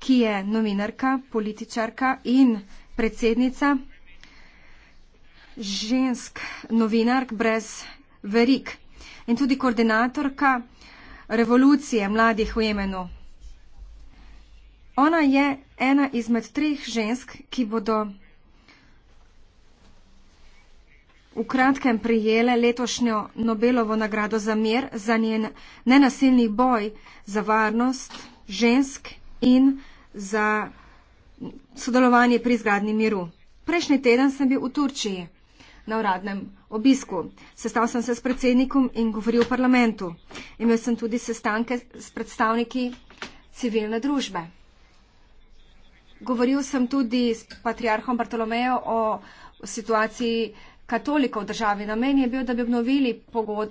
ki je novinarka, političarka in predsednica žensk novinark brez verik in tudi koordinatorka revolucije mladih v Jemenu. Ona je ena izmed treh žensk, ki bodo v kratkem prijele letošnjo Nobelovo nagrado za mir za njen nenasilni boj za varnost žensk in za sodelovanje pri zgradni miru. Prejšnji teden sem bil v Turčiji na uradnem obisku. Sestal sem se s predsednikom in govoril v parlamentu. Imel sem tudi sestanke s predstavniki civilne družbe. Govoril sem tudi s patriarhom Bartolomejo o situaciji katolikov v državi. Namen je bil, da bi obnovili pogod,